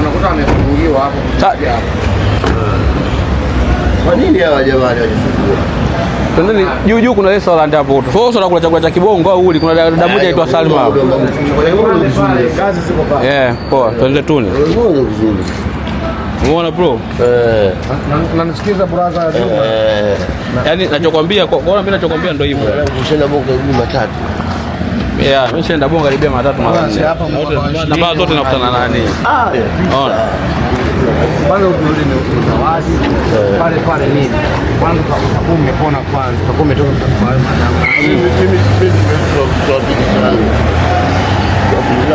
unakuta amefungiwa hapo. Kwa nini hawa jamani wajifungua? Tendeni juu juu kuna restaurant hapo. Sasa tunakula chakula cha kibongo au uli kuna dada moja inaitwa Salma Eh, poa, twende tuni. Umeona bro? Eh. Na nisikiza brother Juma. Yaani nachokwambia kwa kwa mimi nachokwambia ndio hivyo. Ushaenda boka Jumatatu. Yeah, nimeshaenda Bonga karibia mara tatu mara nne. Na baa zote nakutana nani? Ah, unaona. Bado tunarudi ni utawazi pale pale nini? Kwanza tutakuwa umepona kwanza, tutakuwa umetoka kwa maana. Mimi mimi mimi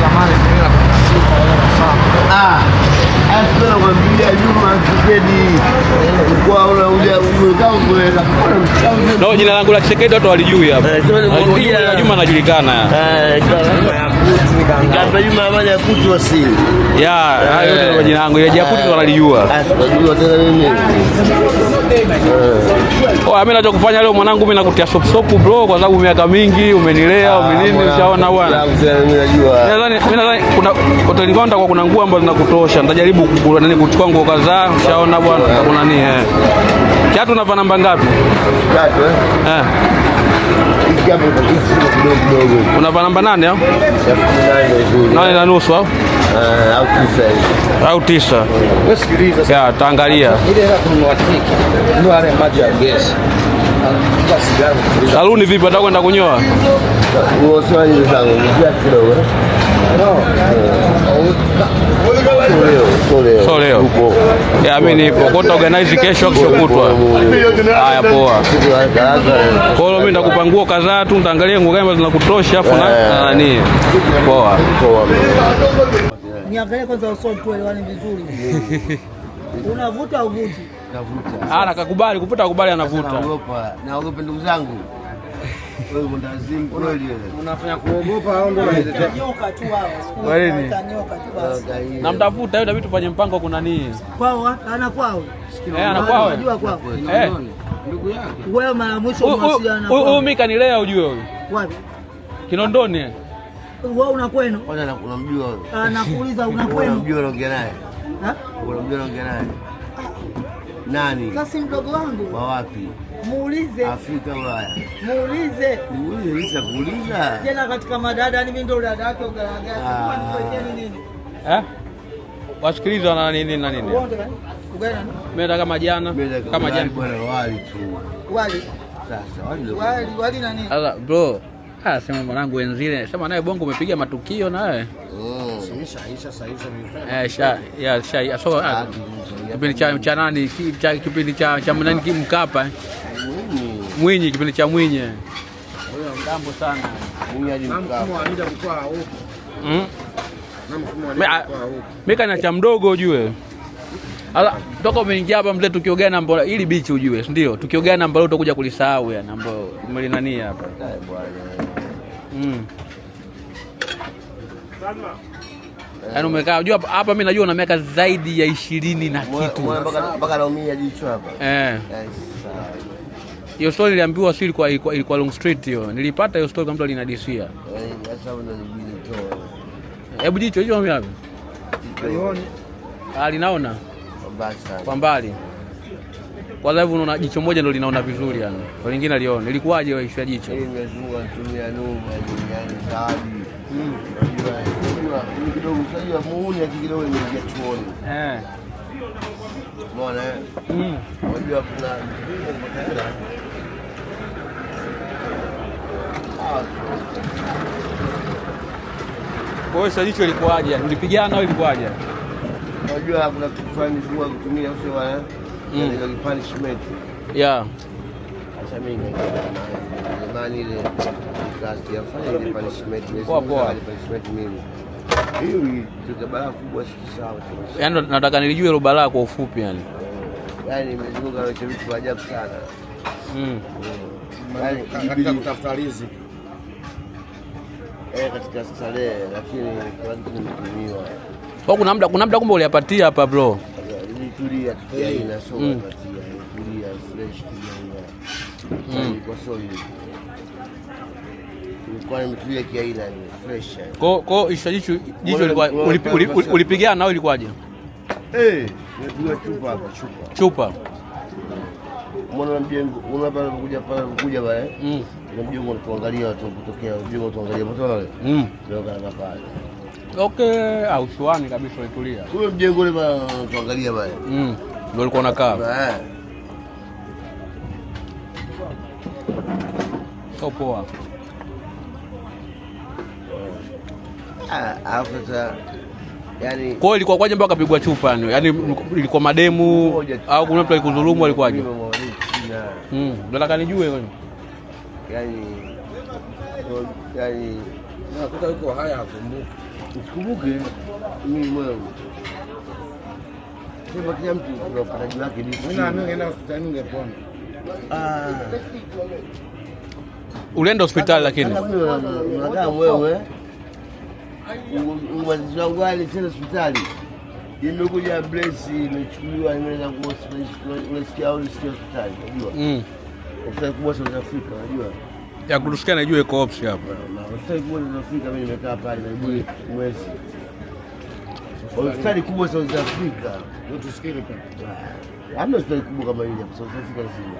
llamar y escribir la conversación. Ah. hata eh, nakwambia Juma Kikedi, eh, eh. ndio jina langu la Kishekedi, watu walijui hapa. Juma anajulikana ya jina langu ile Jakuti wanalijua. Mimi oh, nachokufanya leo mwanangu, mimi nakutia shop shop bro, kwa sababu miaka mingi umenilea ah, umenini, ushaona bwana. Nadhani kuna hoteli kwa kuna nguo ambazo zinakutosha nitajaribu kujaribu nani kuchukua nguo kadhaa, ushaona bwana kuna nini eh. Kiatu unavaa namba ngapi? Kiatu eh. Eh. Unavaa namba nane au? Nane na nusu au? Eh, au tisa. au tisa? Ya, taangalia saluni vipi, wataka kwenda kunyoa? So leo mimi nipo kota organize kesho kesho kutwa. Haya, poa. Kwa hiyo mimi nitakupa nguo kadhaa tu, nitaangalia nguo gani zinakutosha afu na eh. nani. Poa. Niangalie kwanza tuelewane vizuri. Unavuta uvuti? Navuta. Ah, nakakubali kuvuta, akubali anavuta. Naogopa. Naogopa ndugu zangu unafanya kuogopa na mtafuta, itabidi tufanye mpango. Kuna nini kwao, ana kwao, eh, ana kwao, unajua kwao ndugu eh. yake wewe, mara mwisho mawasiliano huyu Mika ni ujue huyu wapi, Kinondoni. Wewe una kwenu, unamjua huyo? Anakuuliza una kwenu, unamjua unaongea naye, unamjua unaongea naye ah. nani? Kasi mdogo wangu wa wapi? muulize Afrika Ulaya, muulize muulize isa kuuliza tena katika madada, ni mimi ndo dada yake ugaragara nini eh, wasikilizwa na nini na nini, mimi kama jana kama jana bwana, wali tu wali sasa, wali wali wali na nini sasa, bro ah, sema mwanangu wenzile, sema naye bongo umepiga matukio naye oh. eh, ah, ah, kipindi cha nani, kipindi cha Mkapa eh. Mwinyi, kipindi cha Mwinyi huyo mdambo sana. Mwinyi Mimi hmm? kana cha mdogo ujue. Ala, toka umeingia hapa mzee, tukiogea gani ambalo ili bichi ujue, si ndio? Tukiogea gani ambalo utakuja kulisahau yani ambalo umelinania hapa? Mm. Yaani umekaa unajua hapa mimi najua una miaka zaidi ya ishirini na kitu. Mpaka naumia jicho hapa. Eh. Yes, hiyo story niliambiwa si ilikuwa ilikuwa Long Street hiyo. Nilipata hiyo story kwa mtu alinadisia. Eh, hata unanibiditoa. Hebu jicho hicho mimi hapo. Aliona. Ah, Alinaona. Kwa mbali. Kwa sababu unaona jicho moja ndio linaona vizuri yani. Kwa lingine aliona. Ilikuwaje wewe ishia jicho? Mimi nimezua tumia nuru yani sababu. Mm. Unajua kidogo unajua muuni ya kidogo inaingia chuoni. Eh. Unaona? Eh? Mm. Unajua kuna sasa jicho ilikuwaje? Ulipigana au ilikuwaje? Unajua kuna kitu fulani kutumia sio wa ndio ni punishment. Yeah. Acha mimi nani ile kazi ile punishment Punishment mimi. Hiyo balaa kubwa Yaani nataka nilijue ile balaa kwa ufupi yani. Yaani nimezunguka na vitu vya ajabu sana. Mm. Yaani katika kutafuta riziki. Eh, katika starehe, lakini kwa nini nimetumiwa kwa oh, kuna muda kuna muda kumbe uliyapatia hapa bro. Nilitulia tulia yaani ina soma mm. patia nilitulia fresh tulia mm. Yaani kwa soli nilikuwa nimetulia kiaina ni fresh. Kwa kwa isha jicho jicho ilikuwa ulipigana nao ilikuwaje? Eh, ndio chupa hapa chupa. Chupa. Mwana mbia unapata kuja pale kuja pale. Mm mjomba tuangalia watu kutokea mjomba tuangalia mbona wewe mm ndio kana pale okay au shuani kabisa ulitulia huyo mjengo ule bana tuangalia bana mm ndio ulikuwa unakaa eh sio poa ah after Yani, kwa hiyo ilikuwa kwaje mpaka kapigwa chupa yani? Yaani ilikuwa mademu au kuna mtu alikudhulumu ah, alikuwaje? Mm, nataka nijue kwani yani, yani nakuta yuko haya hakumbuki. Usikumbuke mimi sema, kila mtu hospitali ungepona. Ah. Ulienda hospitali lakini unakaa wewe, wazazi wangu wale hospitali imekuja blesi imechukuliwa, imeenda kusikia hospitali, unajua mm hospitali kubwa za Afrika unajua ya kulushikia najua iko hapa. Hospitali kubwa za Afrika mimi nimekaa pale naibui mwezi. Hospitali kubwa South Africa. Ndio tusikie kama. Hamna hospitali kubwa kama ile South Africa nzima.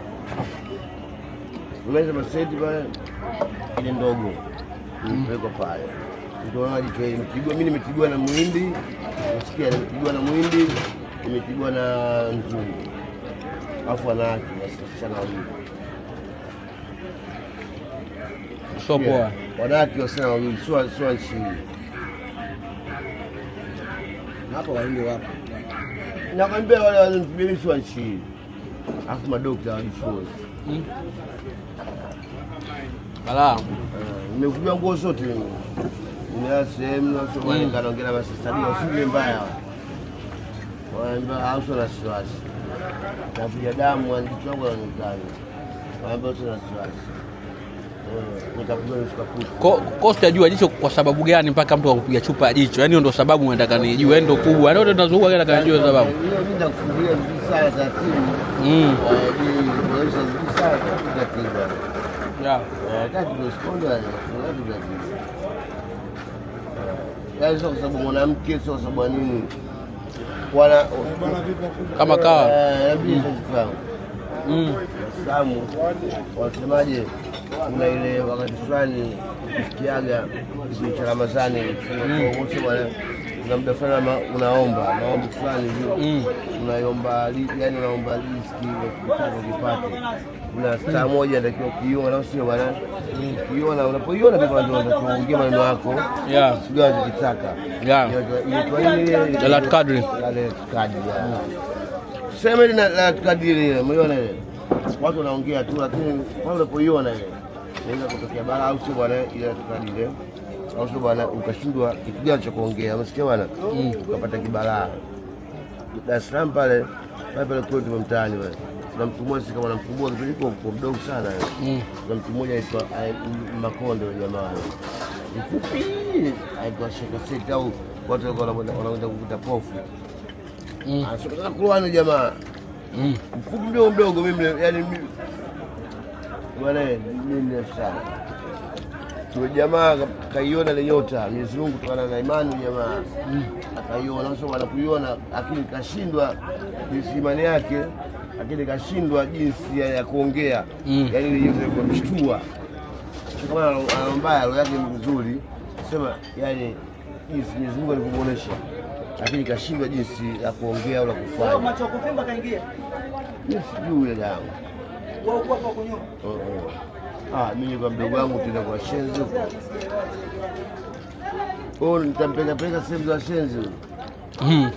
Unaweza masaidi pale ile ndogo. Mpeko mm. pale. Ndio wanaji kwa mtibwa mimi nimetibwa na muhindi. Nasikia nimetibwa na muhindi, nimetibwa na nzungu. Afu anaacha sana hivi. sio poa. Wanawake wasema wawili sio wale walimpimili sio alafu madokta wajifunze ala. Nimekuja zote nimea sehemu nasokanaongela masistania usile na wasiwasi, mm. navuja damu, jicho langu lanaonekana, wanaambia na wasiwasi Kosti ya juu ya jicho kwa sababu gani mpaka mtu akupiga chupa ya jicho? Yani ndio sababu nataka nijue, yani ndio kubwa, yani ndio tunazunguka kila kana jua sababu. Mm. kama kawa. Eh, mm. mm. Samu kuna ile wakati fulani kifikiaga kipindi cha Ramadhani wote bwana, muda fulani unaomba maombi fulani mm. unaomba yani, unaomba riziki ukitaka ukipate. Kuna saa moja natakiwa ukiona, sio bwana, mm. ukiona, unapoiona kuongea maneno yako kitaka la tukadiri sema ile la tukadiri, umeona ile watu wanaongea tu, lakini kwa unapoiona ile inaweza kutokea bara, au sio bwana? Ile tukadile au sio bwana, ukashindwa kitu gani cha kuongea, umesikia bwana, mm. ukapata kibalaa. Dar es Salaam pale pale pale kwetu mtaani wewe na mtu mmoja kama namkumbua kidogo kwa mdogo sana mm. na mtu mmoja aitwa eh, Makonde jamaa mfupi aitwa Shaka Sita au watu walikuwa wanaenda kukuta pofu mm. Ah, anasema Qur'ani jamaa mfupi mdogo mdogo, mimi yani sana tule jamaa kaiona lenyota Mwenyezi Mungu kutokana na imani jamaa akaiona, kuiona lakini kashindwa jinsi imani yake, lakini kashindwa jinsi ya kuongea, mm. yani mshtua kama ana mbaya, roho yake nzuri, sema yani jinsi Mwenyezi Mungu alikuonyesha lakini kashindwa jinsi ya kuongea au la kufanya. Macho yako Pemba kaingia. Mimi sijui ile yangu. Wewe uko hapo kunyoa? Oh, oh. Ah, mimi kwa mdogo wangu tuna kwa shenzi Oh, nitampeleka peleka sehemu za shenzi huko. Mm.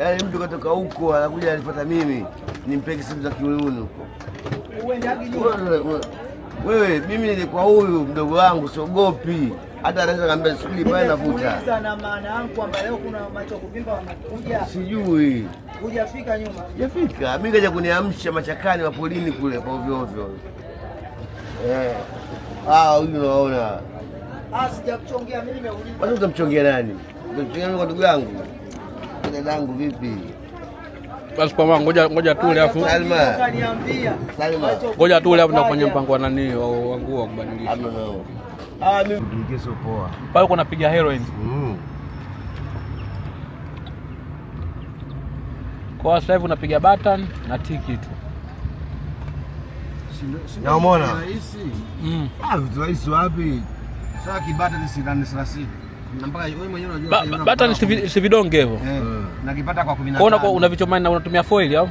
Yaani mtu katoka huko anakuja anifuata mimi nimpeke sehemu za kiununi huko. Uende hadi juu. Wewe mimi nilikuwa huyu mdogo wangu siogopi hata anaweza kaambia skuli pale navuta sijui nyuma. Yafika. mimi kaja kuniamsha machakani mapolini kule kwa ovyo ovyo. Eh. Ah, Huyu naona Ah, sijakuchongea mimi watu utamchongea nani? Utamchongea mimi kwa ndugu yangu dadangu vipi? Basi kwa mwa ngoja ngoja tu ile afu ah, Salma. Salma. Ngoja ile afu na kwenye mpango wa nani wa nguo wa kubadilisha. Ah, no, Ah, Pale kuna piga heroin. Kwa sasa hivi unapiga button na tiki tu. Na umeona? Mm. Ah, vitu rahisi wapi? Sasa ki kibata ni shilingi 30. Button si vidonge hivyo, eh, eh. Na kipata kwa 15. na tano. Unavichoma na unatumia foil au Ah,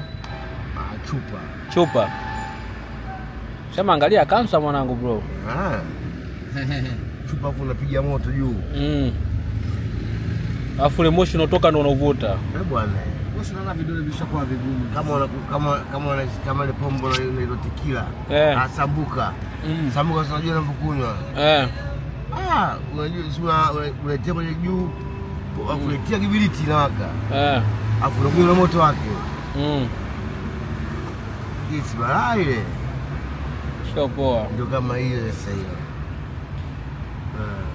chupa chupa? Sema angalia kansa mwanangu, bro. Ah. chupa hapo unapiga moto juu, mm. alafu ile moshi unatoka ndo unavuta eh bwana. Unaona vidole vishakuwa vigumu kama kama kama kama ile pombo na ile asambuka eh. ah, sambuka, mm. unajua unavyokunywa eh, ah, unajua juu, mm. kibiriti na waka eh, moto wake mm, isibalaa sio poa, ndio kama ile sasa hiyo uh,